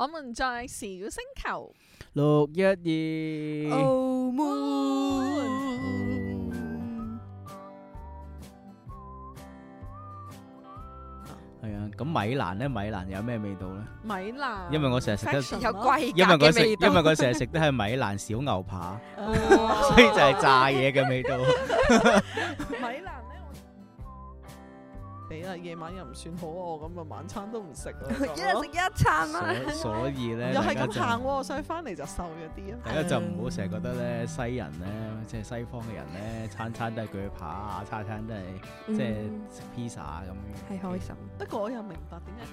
我們在小星球六一二。澳門係啊，咁米蘭咧？米蘭有咩味道咧？米蘭，因為我成日食得，因為我食，因為我成日食得係米蘭小牛扒，所以就係炸嘢嘅味道。夜晚又唔算好餓，咁啊晚餐都唔食，一日食一餐啦、啊。 所以咧，又係咁行喎，所以翻嚟就瘦咗啲。大家就唔好成日覺得咧、嗯、西人咧，即係西方嘅人咧，餐餐都係鋸扒，餐餐都係、嗯、即係食披薩咁。係開心，不過我又明白點解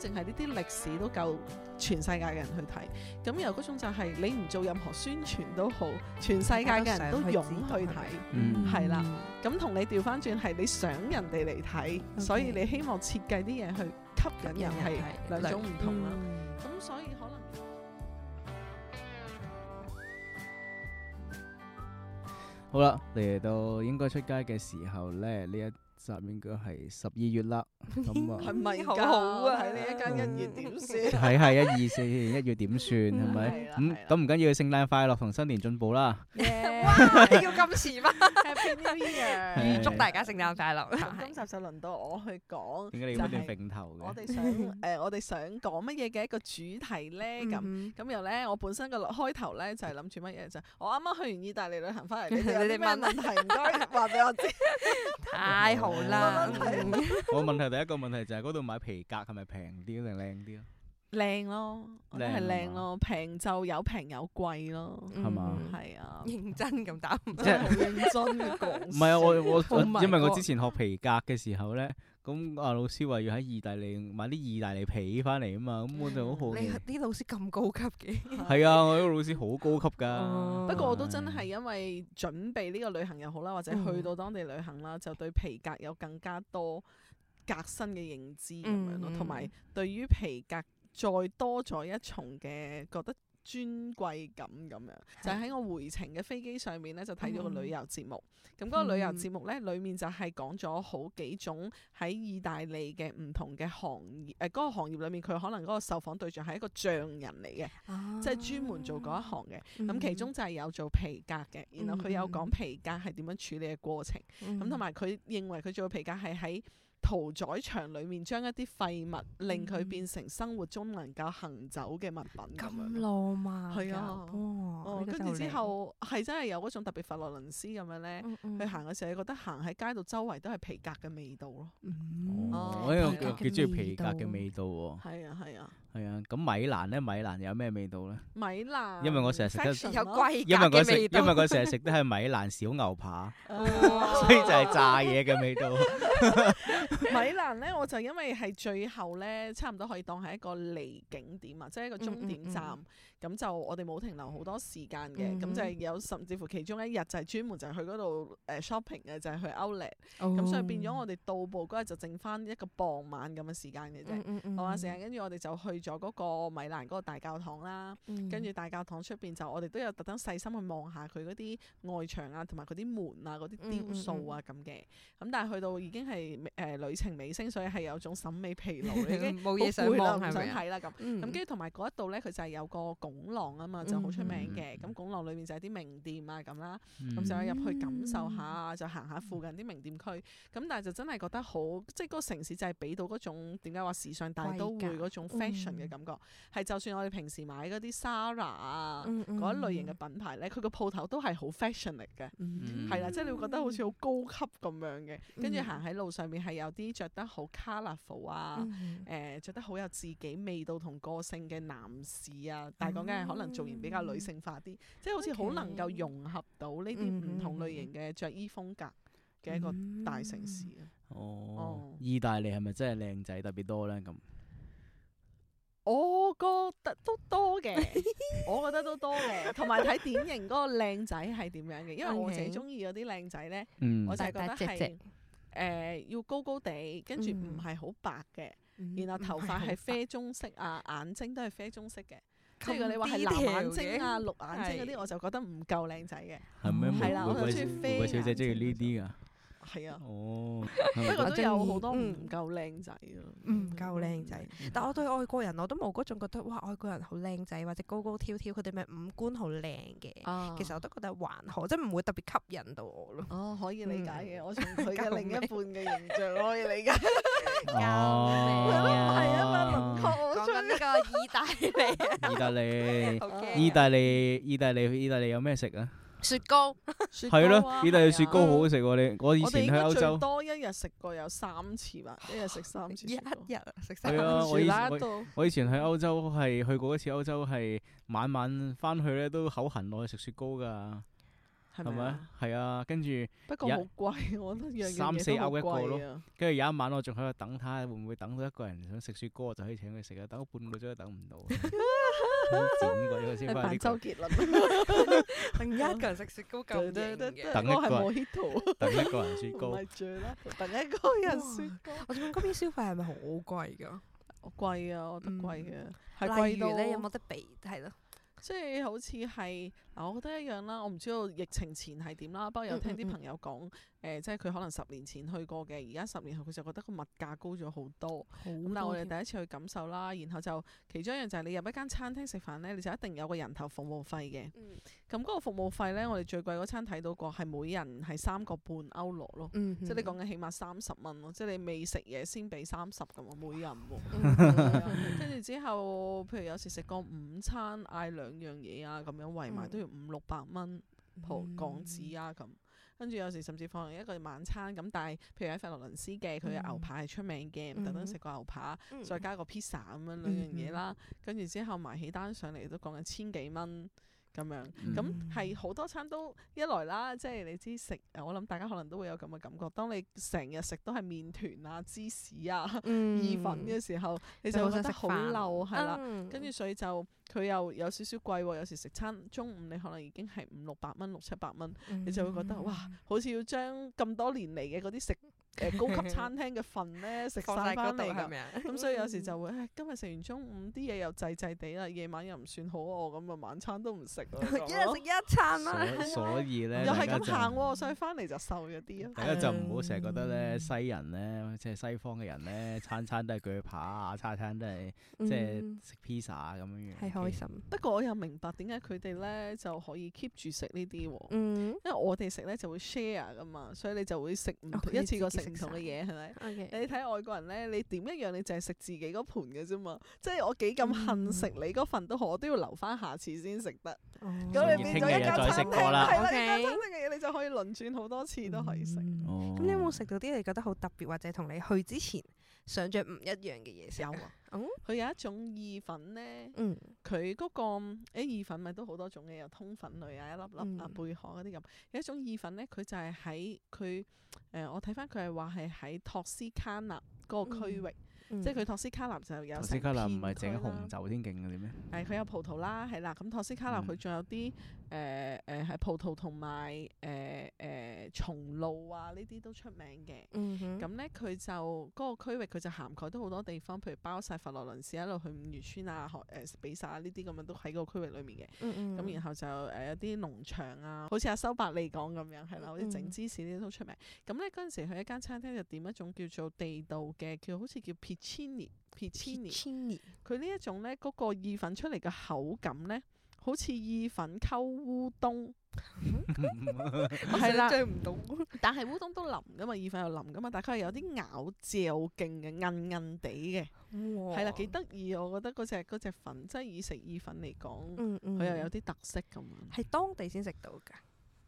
淨係呢啲歷史都夠全世界嘅人去睇，咁由嗰種就係你唔做任何宣傳都好，全世界嘅人都湧去睇，係啦、嗯。咁同你調翻轉係你想人哋嚟睇，嗯、所以你希望設計啲嘢去吸引人係兩種唔同啦。咁、嗯、所以可能好啦，嚟到應該出街嘅時候咧，呢一十月應該係十二月啦，咁啊，係咪好好啊？喺呢一間姻緣點算？係係一二四年一月點算係咪？咁咁唔緊要，聖誕快樂同新年進步啦！哇，要咁遲咩？Happy New Year！預祝大家聖誕快樂。今集就輪到我去講，點解你咁哋並頭嘅？我哋想誒，我哋想講乜嘢嘅一個主題咧？咁咁又咧，我本身個開頭咧就係諗住乜嘢就係我啱啱去完意大利旅行翻嚟，你哋問問題唔該話俾我知，太好。冇啦。我、嗯、問題 我第一個問題就係嗰度買皮革係咪平啲定靚啲啊？靚咯，係靚咯，平咯就有平有貴咯，係嘛吧？係、嗯、啊，認真咁答，即係認真嘅講。唔係啊，我我、oh、因為我之前學皮革嘅時候咧。咁啊，老師話要喺意大利買啲意大利皮翻嚟啊嘛，咁我就好好奇。你啲老師咁高級嘅？係啊，我呢個老師好高級噶。哦、不過我都真係因為準備呢個旅行又好啦，或者去到當地旅行啦，嗯、就對皮革有更加多革新嘅認知咁樣咯，同埋、嗯嗯、對於皮革再多咗一重嘅覺得，尊貴感咁樣，就喺、是、我回程嘅飛機上面咧，就睇咗個旅遊節目。咁嗰、嗯、個旅遊節目咧，嗯、裏面就係講咗好幾種喺意大利嘅唔同嘅行業，誒、呃、嗰、那個行業裏面佢可能嗰個受訪對象係一個匠人嚟嘅，即係專門做嗰一行嘅。咁、嗯嗯、其中就係有做皮革嘅，然後佢有講皮革係點樣處理嘅過程，咁同埋佢認為佢做嘅皮革係喺。屠宰場裏面將一啲廢物令佢變成生活中能夠行走嘅物品咁、嗯、樣，咁浪漫係啊，跟住、哦、之後係真係有嗰種特別佛羅倫斯咁樣咧，嗯嗯去行嘅時候你覺得行喺街度周圍都係皮革嘅味道咯。我有幾中意皮革嘅味道喎。係、哦、啊，係啊。係啊，咁米蘭咧，米蘭有咩味道咧？米蘭，因為我成日食得，因為我因為我成日食得係米蘭小牛扒，所以就係炸嘢嘅味道。米蘭咧，我就因為係最後咧，差唔多可以當係一個離景點啊，即係一個終點站。咁就我哋冇停留好多時間嘅，咁就係有甚至乎其中一日就係專門就係去嗰度誒 shopping 嘅，就係去 outlet。咁所以變咗我哋到步嗰日就剩返一個傍晚咁嘅時間嘅啫，係嘛？成日跟住我哋就去咗嗰個米蘭嗰個大教堂啦，跟住大教堂出邊就我哋都有特登細心去望下佢嗰啲外牆啊，同埋佢啲門啊，嗰啲雕塑啊咁嘅。咁但係去到已經係誒旅程尾聲，所以係有種審美疲勞，已經好攰啦，唔想睇啦咁。咁跟住同埋嗰一度咧，佢就係有個拱廊啊嘛，就好出名嘅。咁拱廊裏面就係啲名店啊咁啦，咁就入去感受下，就行下附近啲名店區。咁但係就真係覺得好，即係嗰個城市就係俾到嗰種點解話時尚大都會嗰種 fashion。嘅感覺係就算我哋平時買嗰啲 Zara 啊嗰一類型嘅品牌咧，佢個鋪頭都係好 fashion 嚟嘅，係啦、嗯嗯，即係你會覺得好似好高級咁樣嘅，跟住行喺路上面係有啲着得好 colourful 啊，誒、嗯嗯呃，著得好有自己味道同個性嘅男士啊，但係講緊係可能造型比較女性化啲，嗯嗯嗯，即係好似好能夠融合到呢啲唔同類型嘅着衣風格嘅一個大城市，嗯嗯嗯嗯哦， 哦意大利係咪真係靚仔特別多咧？咁。我覺得都多嘅，我覺得都多嘅，同埋睇典型嗰個靚仔係點樣嘅，因為我自己中意嗰啲靚仔咧，我就係覺得係誒要高高地，跟住唔係好白嘅，然後頭髮係啡棕色啊，眼睛都係啡棕色嘅，即係你話係藍眼睛啊、綠眼睛嗰啲，我就覺得唔夠靚仔嘅。係咪冇個鬼小姐中意呢啲㗎？係啊，不過、哦、都有好多唔夠靚仔咯，唔、嗯、夠靚仔。嗯、但我對外國人我都冇嗰種覺得，哇！外國人好靚仔或者高高挑挑，佢哋咩五官好靚嘅。啊、其實我都覺得還好，即係唔會特別吸引到我咯。哦、嗯啊，可以理解嘅，我從佢嘅另一半嘅形象可以理解。 嗎哦，係啊 哎呀，咁講緊呢個意大利 意大利， 好嘅、啊，意大利，意大利，意大利有咩食啊？雪糕，係咯，意大利雪糕好好食喎！你我以前喺歐洲，多一日食過有三次吧，一日食三次，一日食三次。係啊，我以前喺歐洲係去過一次歐洲，係晚晚翻去咧都口痕落去食雪糕噶，係咪啊？係啊，跟住。不過好貴，我覺得樣樣嘢都貴，三四歐一個咯，跟住有一晚我仲喺度等睇下會唔會等到一個人想食雪糕就可以請佢食啊？等半個鐘都等唔到。五個人先扮周杰倫，零一個人食雪糕夠嘅，等一個人，等一個人雪糕，唔係最啦，等一個人雪糕。我仲問嗰邊消費係咪好貴噶？貴啊，我覺得貴嘅，係貴到咧。有冇得比？係咯。即係好似係，嗱，我覺得一樣啦。我唔知道疫情前係點啦，不過有聽啲朋友講，誒、嗯嗯呃，即係佢可能十年前去過嘅，而家十年後佢就覺得個物價高咗好多。咁、嗯、但係我哋第一次去感受啦，然後就其中一樣就係你入一間餐廳食飯咧，你就一定有個人頭服務費嘅。咁嗰、嗯、個服務費咧，我哋最貴嗰餐睇到過係每人係三個半歐羅咯，嗯嗯、即係你講緊起碼三十蚊咯，即係你未食嘢先俾三十咁啊，每人。跟住之後，譬如有時食個午餐嗌兩兩樣嘢啊，咁樣圍埋、嗯、都要五六百蚊港紙啊，咁跟住有時甚至放一個晚餐咁，但係譬如喺佛羅倫斯嘅，佢嘅牛扒係出名嘅，唔等等食個牛扒，嗯、再加個 pizza 咁樣兩樣嘢啦、啊，跟住、嗯、之後埋起單上嚟，都講緊千幾蚊。咁樣，咁係好多餐都一來啦，即、就、係、是、你知食，我諗大家可能都會有咁嘅感覺。當你成日食都係麵團啊、芝士啊、嗯、 意粉嘅時候，你就會覺得好流，係、嗯、啦。跟住、嗯、所以就佢又有少少貴喎、啊。有時食餐中午，你可能已經係五六百蚊、六七百蚊，嗯、你就會覺得哇，好似要將咁多年嚟嘅嗰啲食。誒 高級餐廳嘅份咧食晒翻嚟，咁所以有時就會今日食完中午啲嘢又滯滯地啦，夜晚又唔算好餓，咁啊晚餐都唔食咯， yeah, 一日食一餐啦，所以呢 又係咁行喎， 所以翻嚟就瘦咗啲啊！大家就唔好成日覺得咧西人咧，即係西方嘅人咧餐餐都係鋸扒啊，餐餐都係、嗯、即係食披薩啊咁樣樣，係開心。不過我又明白點解佢哋咧就可以 keep 住食呢啲喎，嗯、因為我哋食咧就會 share 噶嘛，所以你就會食唔一次過。嗯 成熟嘅嘢係咪？是是 Okay. 你睇外國人咧，你點一樣，你淨係食自己嗰盤嘅啫嘛。即係我幾咁恨食你嗰份都好，嗯、我都要留翻下，下次先食得。咁你變咗一間餐廳，係、嗯、啦，嗯、一間餐廳嘅嘢你就可以輪轉好多次都可以食。咁、嗯哦、你有冇食到啲你覺得好特別或者同你去之前？上著唔一樣嘅嘢有喎、啊，佢、嗯、有一種意粉咧，佢嗰、嗯嗰個、欸、意粉咪都好多種嘅，有通粉類啊，一粒粒，一粒，粒啊，貝殼嗰啲咁。有一種意粉咧，佢就係喺佢誒，我睇翻佢係話係喺托斯卡納嗰個區域，嗯嗯、即係佢托斯卡納就有。托斯卡納唔係整紅酒先勁嘅咩？係佢、嗯、有葡萄啦，係啦，咁托斯卡納佢仲有啲。嗯嗯誒誒，喺葡萄同埋誒誒松露啊，呢啲都出名嘅。咁咧、嗯哼，佢就嗰個區域，佢就涵蓋都好多地方，譬如包晒佛羅倫斯一路去五漁村啊，學誒、呃、比薩呢啲咁樣都喺個區域裡面嘅。咁然後就誒、呃、有啲農場啊，好似阿修伯利講咁樣，係啦，好似整芝士呢啲都出名。咁咧嗰陣時去一間餐廳就點一種叫做地道嘅，叫好似叫 Pecini 佢呢一種咧，嗰個意粉出嚟嘅口感咧。好似意粉溝烏冬 啦，我想追唔到。但係烏冬都腍㗎嘛，意粉又腍㗎嘛，但係佢有啲咬嚼好勁嘅，韌韌地嘅，係哇啦，幾得意。我覺得嗰隻隻粉，即係以食意粉嚟講，佢、嗯嗯、又有啲特色咁。係當地先食到㗎。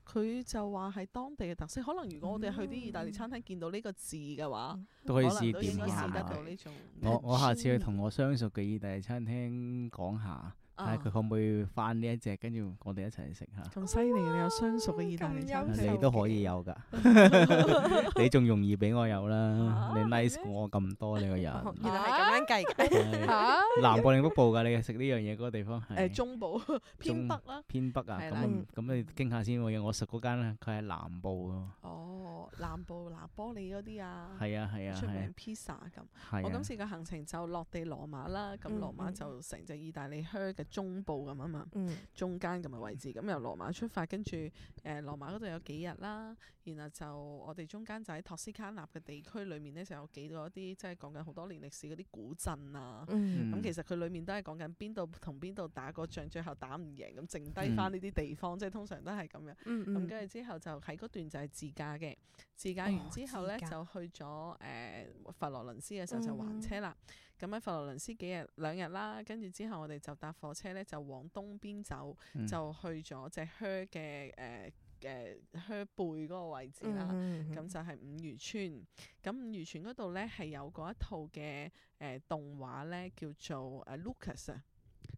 佢就話係當地嘅特色。可能如果我哋去啲意大利餐廳見到呢個字嘅話，可能都應該試得到呢種。我我下次去同我相熟嘅意大利餐廳講下。睇下佢可唔可以翻呢一隻？跟住我哋一齊食下。咁犀利，你有相熟嘅意大利餐？你都可以有㗎，你仲容易比我有啦。你 nice 我咁多，你個人。原來係咁樣計㗎。南部定北部㗎？你食呢樣嘢嗰個地方係？中部偏北啦。偏北啊？係啦。咁咁你驚下先喎，因為我食嗰間佢係南部哦，南部拿波里嗰啲啊。係啊係啊係。出名 pizza 咁。我今次嘅行程就落地羅馬啦，咁羅馬就成隻意大利靴嘅。中部咁啊嘛，中間咁嘅位置，咁由羅馬出發，跟住誒、呃、羅馬嗰度有幾日啦，然後就我哋中間就喺托斯卡納嘅地區裡面咧，就有幾多一啲即係講緊好多年歷史嗰啲古鎮啊，咁、嗯嗯嗯、其實佢裡面都係講緊邊度同邊度打過仗，最後打唔贏，咁剩低翻呢啲地方，即係、嗯、通常都係咁樣。咁跟住之後就喺嗰段就係自駕嘅，自駕完之後咧、哦、就去咗誒、呃、佛羅倫斯嘅時候就還車啦。嗯。咁喺佛羅倫斯幾日兩日啦，跟住之後我哋就搭火車咧，就往東邊走，嗯、就去咗隻靴嘅誒嘅靴背嗰個位置啦。咁、嗯嗯、就係五漁村。咁五漁村嗰度咧係有嗰一套嘅誒、呃、動畫咧，叫做誒 Lucas 啊。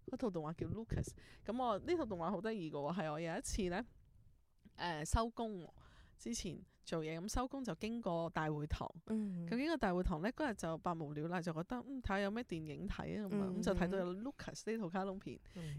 嗰套動畫叫 Lucas。咁我呢套動畫好得意㗎喎，係我有一次咧誒收工之前。做嘢咁收工就經過大會堂，究竟個大會堂咧嗰日就百無聊賴就覺得嗯睇下有咩電影睇啊咁啊，咁、嗯、就睇到有 Lucas 呢套卡通片，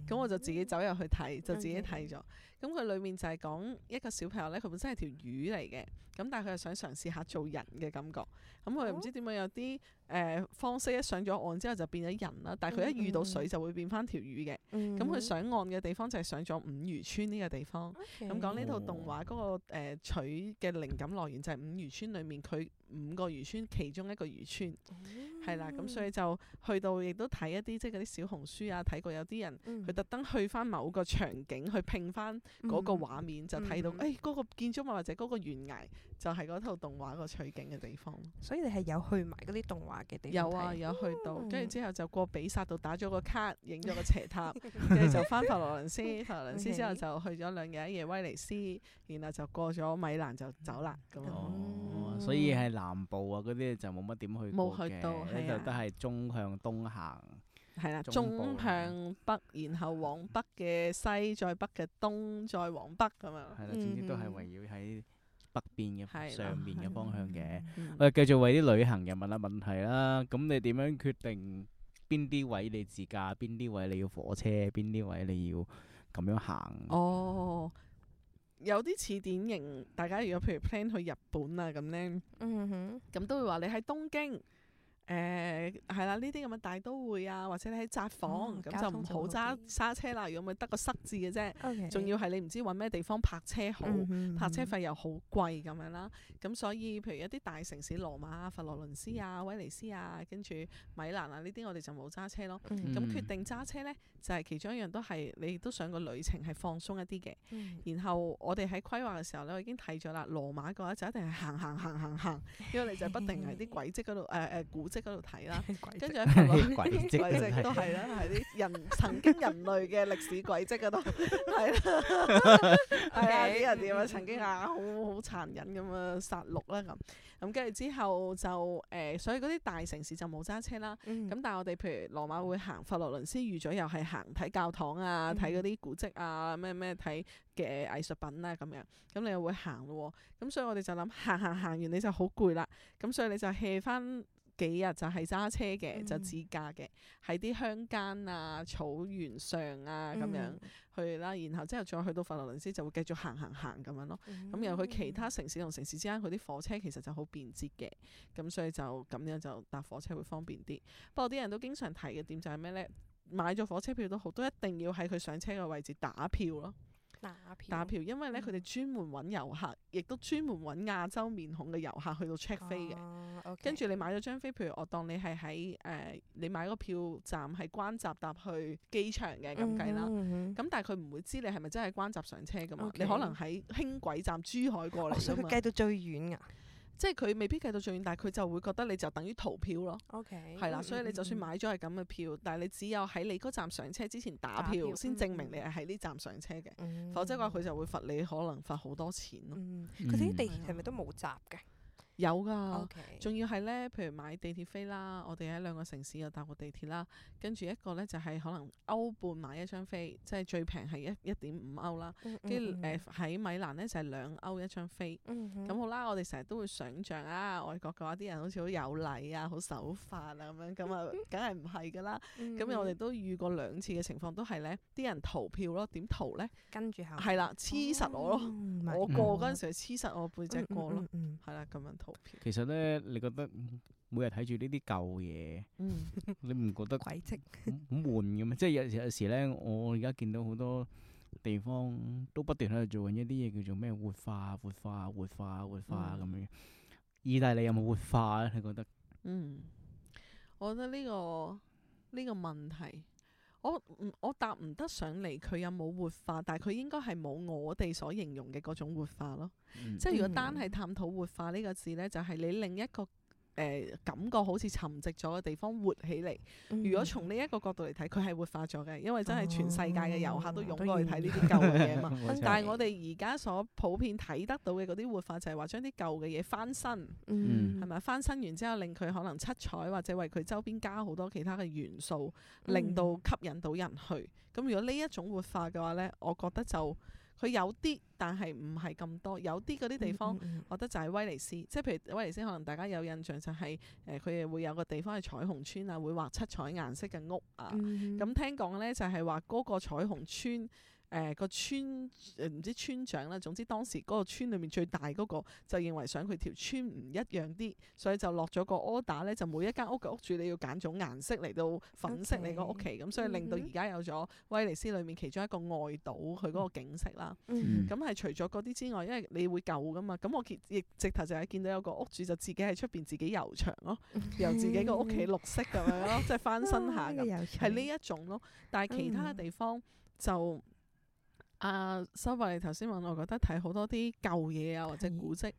咁、嗯、我就自己走入去睇，就自己睇咗。咁佢、嗯、裏面就係講一個小朋友咧，佢本身係條魚嚟嘅，咁但係佢又想嘗試下做人嘅感覺，咁佢又唔知點解有啲誒方式一上咗岸之後就變咗人啦，但係佢一遇到水就會變翻條魚嘅。咁佢、嗯、上岸嘅地方就係上咗五漁村呢個地方。咁講呢套動畫嗰、嗰個誒、呃、取嘅靈咁來源就係五漁村裏面佢。 五個漁村其中一個漁村係、哦、啦，咁所以就去到亦都睇一啲即係嗰啲小紅書啊，睇過有啲人佢特登去翻某個場景去拼翻嗰個畫面，嗯、就睇到誒嗰、嗰個建築物或者嗰個懸崖就係嗰套動畫、嗰個取景嘅地方。所以你係有去埋嗰啲動畫嘅地方？有啊，有去到，跟住之後就過比薩度打咗個卡，影咗個斜塔，跟住就翻佛羅倫斯，佛羅倫斯之後就去咗兩日一夜威尼斯，然後就過咗米蘭就走啦。嗯、所以係南部啊，嗰啲就冇乜點去，冇去到。度、啊、都係中向東行。係啦、啊，中，中向北，然後往北嘅西，再、嗯、北嘅東，再往北咁樣。係啦、嗯，總之都係圍繞喺北邊嘅、啊、上面嘅方向嘅。啊啊嗯、我哋繼續為啲旅行人問下問題啦。咁你點樣決定邊啲位你自駕，邊啲位你要火車，邊啲位你要咁樣行？嗯、哦。有啲似典型，大家如果譬如 plan 去日本啊咁咧，嗯哼，咁都會話你喺東京。誒係啦，呢啲咁嘅大都會啊，或者你喺窄房咁、嗯、就唔好揸揸車啦，如果咪得個塞字嘅啫，仲要係你唔知揾咩地方泊車好，嗯、哼泊車費又好貴咁樣啦。咁所以譬如一啲大城市羅馬啊、佛羅倫斯啊、威尼斯啊，跟住米蘭啊呢啲，我哋就冇揸車咯。咁、嗯、決定揸車咧，就係、是、其中一樣都係你都想個旅程係放鬆一啲嘅。嗯、然後我哋喺規劃嘅時候咧，我已經睇咗啦。羅馬嘅話就一定係行行行行行行，因為你就係不定係啲軌跡嗰度誒誒度睇 軌跡 啦，跟住喺角落，軌跡都係啦，係啲人曾經人類嘅歷史軌跡度，係啦，係人點啊，曾經啊好好殘忍咁啊殺戮啦咁，咁跟住之後就誒、呃，所以嗰啲大城市就冇揸車啦，咁、嗯、但係我哋譬如羅馬會行，佛羅倫斯預咗又係行睇教堂啊，睇嗰啲古跡啊，咩咩睇嘅藝術品啊咁樣，咁、嗯、你又會行喎，咁所以我哋就諗行行行完你就好攰啦，咁所以你就 hea 翻。幾日就係揸車嘅，嗯、就自駕嘅，喺啲鄉間啊、草原上啊咁樣去啦，嗯、然後之後再去到佛羅倫斯就會繼續行行行咁樣咯。咁然後去其他城市同城市之間，佢啲火車其實就好便捷嘅，咁所以就咁樣就搭火車會方便啲。不過啲人都經常提嘅點就係咩呢？買咗火車票都好，都一定要喺佢上車嘅位置打票咯。打票，因為呢佢哋專門揾遊客，亦都專門揾亞洲面孔嘅遊客去到 check 飛嘅。啊 okay. 跟住你買咗張飛，譬如我當你係喺誒，你買個票站係關閘搭去機場嘅咁計啦。咁但係佢唔會知你係咪真係關閘上車噶嘛？okay. 你可能喺輕軌站珠海過嚟，所以佢計到最遠㗎。即係佢未必計到最遠，但係佢就會覺得你就等於逃票咯。OK，係啦，所以你就算買咗係咁嘅票，嗯、但係你只有喺你嗰站上車之前打票，先打票證明你係喺呢站上車嘅。嗯、否則嘅話，佢就會罰你，可能罰好多錢咯。佢哋啲地鐵係咪都冇閘嘅？有噶，仲 Okay. 要係咧，譬如買地鐵飛啦，我哋喺兩個城市又搭過地鐵啦，跟住一個咧就係可能歐半買一張飛，即係最平係一一點五歐啦，跟住誒喺米蘭咧就係兩歐一張飛，咁、mm hmm. 嗯、好啦，我哋成日都會想象啊，外國嘅話啲人好似好有禮啊，好守法啊咁樣，咁啊梗係唔係噶啦，咁我哋都遇過兩次嘅情況，都係咧啲人逃票咯，點逃咧？跟住後，係啦，黐實後 我咯，我過嗰陣時黐實我背脊過咯，係啦咁樣。其實咧，你覺得每日睇住呢啲舊嘢，嗯、 你唔覺得鬼咁悶咩？即係有有時咧，我而家見到好多地方都不斷喺度做緊一啲嘢，叫做咩活化、活化、活化、活化咁樣。嗯、意大利有冇活化咧？你覺得？嗯，我覺得呢、這個呢、這個問題。我我答唔得上嚟，佢有冇活化？但係佢應該係冇我哋所形容嘅嗰種活化咯。嗯、即係如果單係探討活化呢個字呢，就係、是、你另一個。誒、呃、感覺好似沉寂咗嘅地方活起嚟。如果從呢一個角度嚟睇，佢係、嗯、活化咗嘅，因為真係全世界嘅遊客都湧過去睇呢啲舊嘅嘢嘛。嗯、 但係我哋而家所普遍睇得到嘅嗰啲活化就係話將啲舊嘅嘢翻新，係咪、嗯、翻新完之後令佢可能七彩或者為佢周邊加好多其他嘅元素，令到吸引到人去。咁如果呢一種活化嘅話呢，我覺得就。佢有啲，但係唔係咁多。有啲嗰啲地方，嗯嗯嗯我覺得就係威尼斯，即係譬如威尼斯，可能大家有印象就係、是、誒，佢、呃、誒會有個地方係彩虹村啊，會畫七彩顏色嘅屋啊。咁、嗯嗯嗯、聽講咧，就係話嗰個彩虹村。誒個、呃、村誒唔知村長啦，總之當時嗰個村裏面最大嗰、那個就認為想佢條村唔一樣啲，所以就落咗個 order 咧，就每一間屋嘅屋主你要揀種顏色嚟到粉色你個屋企，咁 Okay. 所以令到而家有咗威尼斯裏面其中一個外島佢嗰個景色啦。咁係、嗯、除咗嗰啲之外，因為你會舊噶嘛，咁我亦直頭就係見到有個屋主就自己喺出邊自己油牆咯，嗯、由自己個屋企綠色咁樣咯，即係 翻新下咁，係呢、 嗯、一種咯。但係其他嘅地方就～啊，收埋你頭先問，我覺得睇好多啲舊嘢啊，或者古蹟，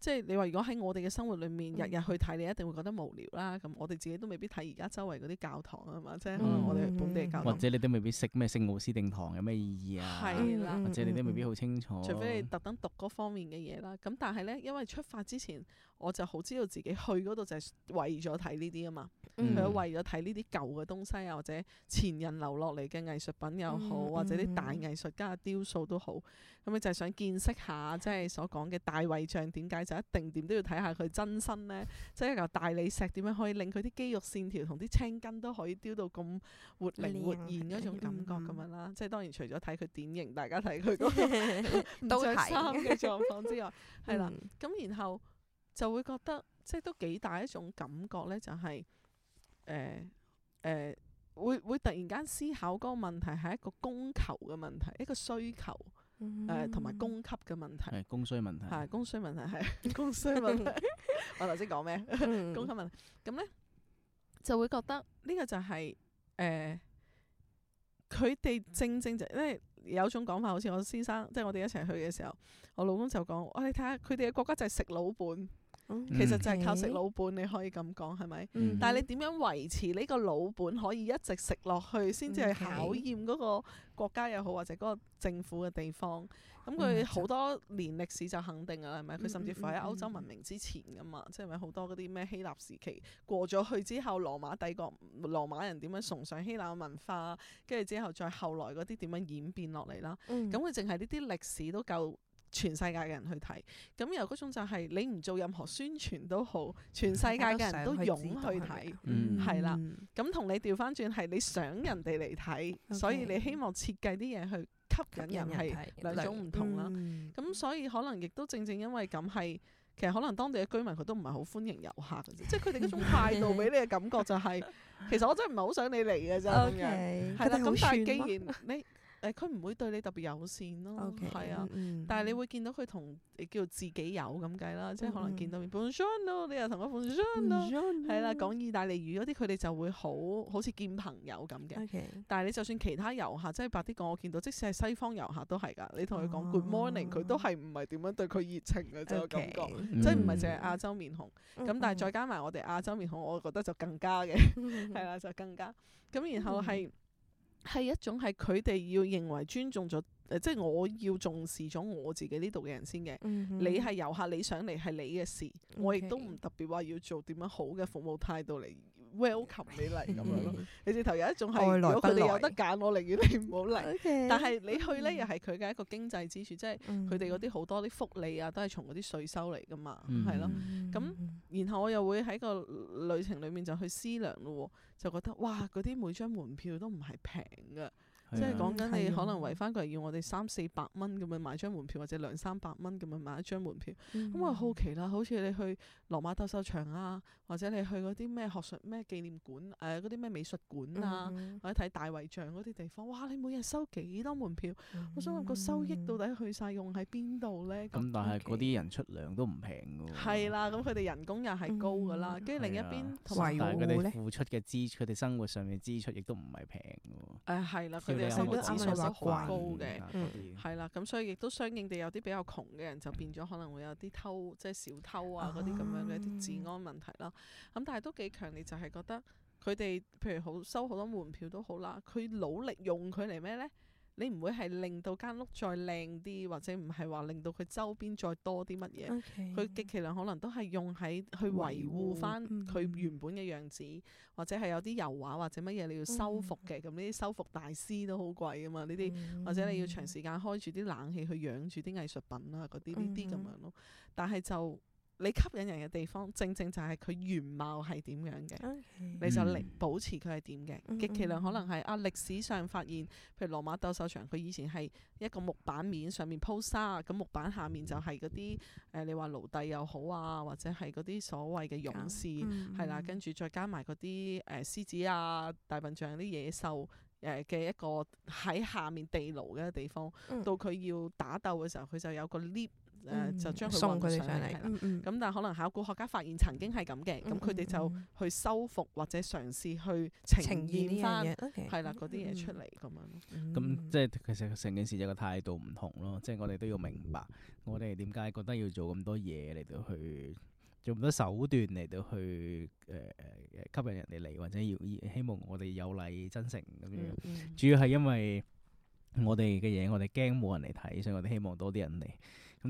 即係你話如果喺我哋嘅生活裏面、嗯、日日去睇，你一定會覺得無聊啦。咁我哋自己都未必睇而家周圍嗰啲教堂啊嘛，即係可能我哋本地教堂，或者你都未必識咩聖奧斯定堂有咩意義啊，係啦，或者你都未必好清楚嗯嗯嗯。除非你特登讀嗰方面嘅嘢啦。咁但係咧，因為出發之前。我就好知道自己去嗰度就係為咗睇呢啲啊嘛，佢、嗯、為咗睇呢啲舊嘅東西啊，或者前人留落嚟嘅藝術品又好，嗯、或者啲大藝術家雕塑都好，咁你、嗯、就係想見識下即係、就是、所講嘅大衛像點解就一定點都要睇下佢真身咧，即係一嚿大理石點樣可以令佢啲肌肉線條同啲青筋都可以雕到咁活靈活現嗰種感覺咁樣啦。即係、嗯嗯、當然除咗睇佢典型，大家睇佢唔著衫嘅狀況之外，係、 嗯，啦， 咁然後。就會覺得即係都幾大一種感覺咧、就是，就係誒誒，會會突然間思考嗰個問題係一個供求嘅問題，一個需求誒同埋供給嘅問題。係、嗯、供需問題。供需問題係供需問題。我頭先講咩？供給問題。咁咧就會覺得呢個就係誒佢哋正正就是、因為有種講法，好似我先生，即、就、係、是、我哋一齊去嘅時候，我老公就講：我哋睇下佢哋嘅國家就係食老本。嗯、其實就係靠食老本，嗯、你可以咁講係咪？是是嗯、但係你點樣維持呢個老本可以一直食落去，先至係考驗嗰個國家又好，或者嗰個政府嘅地方。咁佢好多年歷史就肯定㗎啦，係咪？佢、嗯、甚至乎喺歐洲文明之前㗎嘛，即係咪好多嗰啲咩希臘時期過咗去之後，羅馬帝國、羅馬人點樣崇尚希臘文化，跟住之後再後來嗰啲點樣演變落嚟啦。咁佢淨係呢啲歷史都夠。全世界嘅人去睇，咁由嗰種就係你唔做任何宣傳都好，全世界嘅人都湧去睇，係啦。咁、嗯、同、嗯嗯、你調翻轉係你想人哋嚟睇，okay, 所以你希望設計啲嘢去吸引人睇，係兩種唔同啦。咁、嗯嗯、所以可能亦都正正因為咁係，其實可能當地嘅居民佢都唔係好歡迎遊客，即係佢哋嗰種態度俾你嘅感覺就係、係， 其實我真係唔係好想你嚟嘅啫。OK, 係啦，咁但係既然你。 誒佢唔會對你特別友善咯，係啊，但係你會見到佢同叫做自己友咁計啦，即係可能見到面 Bonjour 你又同佢 Bonjour 係啦，講意大利語嗰啲佢哋就會好好似見朋友咁嘅。但係你就算其他遊客，即係白啲講，我見到即使係西方遊客都係噶，你同佢講 Good morning，佢都係唔係點樣對佢熱情嘅就感覺，即係唔係淨係亞洲面孔。咁但係再加埋我哋亞洲面孔，我覺得就更加嘅，係啦，就更加咁，然後係。係一種係佢哋要認為尊重咗，誒，即係我要重視咗我自己呢度嘅人先嘅。嗯哼。你係遊客，你想嚟係你嘅事，我亦都唔特別話要做點樣好嘅服務態度嚟。Welcome 你嚟咁樣咯， 你直頭有一種係，來來如果佢哋有得揀， 我寧願你唔好嚟。Okay. 但係你去咧，嗯、又係佢嘅一個經濟支柱，即係佢哋嗰啲好多啲福利啊，都係從嗰啲稅收嚟噶嘛，係咯、嗯。咁然後我又會喺個旅程裡面就去思量咯，就覺得哇嗰啲每張門票都唔係平噶。即係講緊你可能維翻過嚟要我哋三四百蚊咁樣買張門票，或者兩三百蚊咁樣買一張門票。咁我好奇啦，好似你去羅馬鬥獸場啊，或者你去嗰啲咩學術咩紀念館，誒嗰啲咩美術館啊，或者睇大衛像嗰啲地方，哇！你每日收幾多門票？我想問個收益到底去晒用喺邊度咧？咁但係嗰啲人出糧都唔平嘅喎。係啦，咁佢哋人工又係高㗎啦，跟住另一邊同埋咧。佢哋付出嘅支，佢哋生活上面支出亦都唔係平嘅喎。係啦。佢哋生活指數就好高嘅，係啦、嗯，咁所以亦都相應地有啲比較窮嘅人就變咗可能會有啲偷，即係小偷啊嗰啲咁樣嘅一啲治安問題啦。咁但係都幾強烈，就係覺得佢哋譬如收好收好多門票都好啦，佢努力用佢嚟咩咧？你唔會係令到間屋再靚啲，或者唔係話令到佢周邊再多啲乜嘢。佢 Okay, 極其量可能都係用喺去維護返佢原本嘅樣子，嗯、或者係有啲油畫或者乜嘢你要修復嘅。咁呢啲修復大師都好貴㗎嘛，呢啲、嗯、或者你要長時間開住啲冷氣去養住啲藝術品啊，嗰啲呢啲咁樣咯。但係就。你吸引人嘅地方，正正就係佢原貌係點樣嘅，okay，你就嚟保持佢係點嘅。極、嗯嗯、其量可能係啊，歷史上發現，譬如羅馬鬥獸場，佢以前係一個木板面上面鋪沙，咁木板下面就係嗰啲誒你話奴隸又好啊，或者係嗰啲所謂嘅勇士，係啦、嗯嗯啊，跟住再加埋嗰啲誒獅子啊、大笨象啲野獸誒嘅一個喺下面地牢嘅地方，嗯、到佢要打鬥嘅時候，佢就有個 lift。誒就將送佢哋上嚟，咁但係可能考古學家發現曾經係咁嘅，咁佢哋就去修復或者嘗試去呈現翻係啦嗰啲嘢出嚟咁樣。咁即係其實成件事有個態度唔同咯，即係我哋都要明白，我哋點解覺得要做咁多嘢嚟到去做咁多手段嚟到去誒吸引人哋嚟，或者要希望我哋有禮真誠咁樣。主要係因為我哋嘅嘢，我哋驚冇人嚟睇，所以我哋希望多啲人嚟。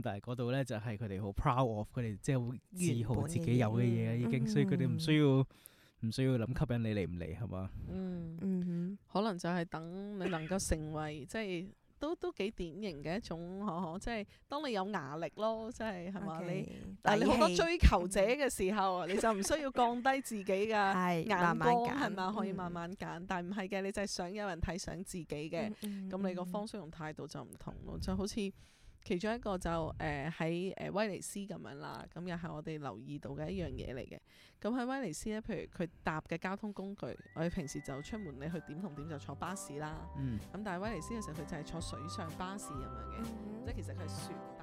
但係嗰度咧就係佢哋好 proud of 佢哋，即係會自豪自己有嘅嘢啦。已經，所以佢哋唔需要唔需要諗吸引你嚟唔嚟，係嘛？嗯，可能就係等你能夠成為，即係都都幾典型嘅一種，即係當你有壓力咯，即係係嘛你，但係你好多追求者嘅時候，你就唔需要降低自己嘅眼光，係嘛，可以慢慢揀。但係唔係嘅，你就係想有人睇上自己嘅，咁你個方式同態度就唔同咯，就好似。其中一個就誒喺誒威尼斯咁樣啦，咁又係我哋留意到嘅一樣嘢嚟嘅。咁喺威尼斯咧，譬如佢搭嘅交通工具，我哋平時就出門你去點同點就坐巴士啦。嗯。咁但係威尼斯嘅時候，佢就係坐水上巴士咁樣嘅，即係其實佢係船。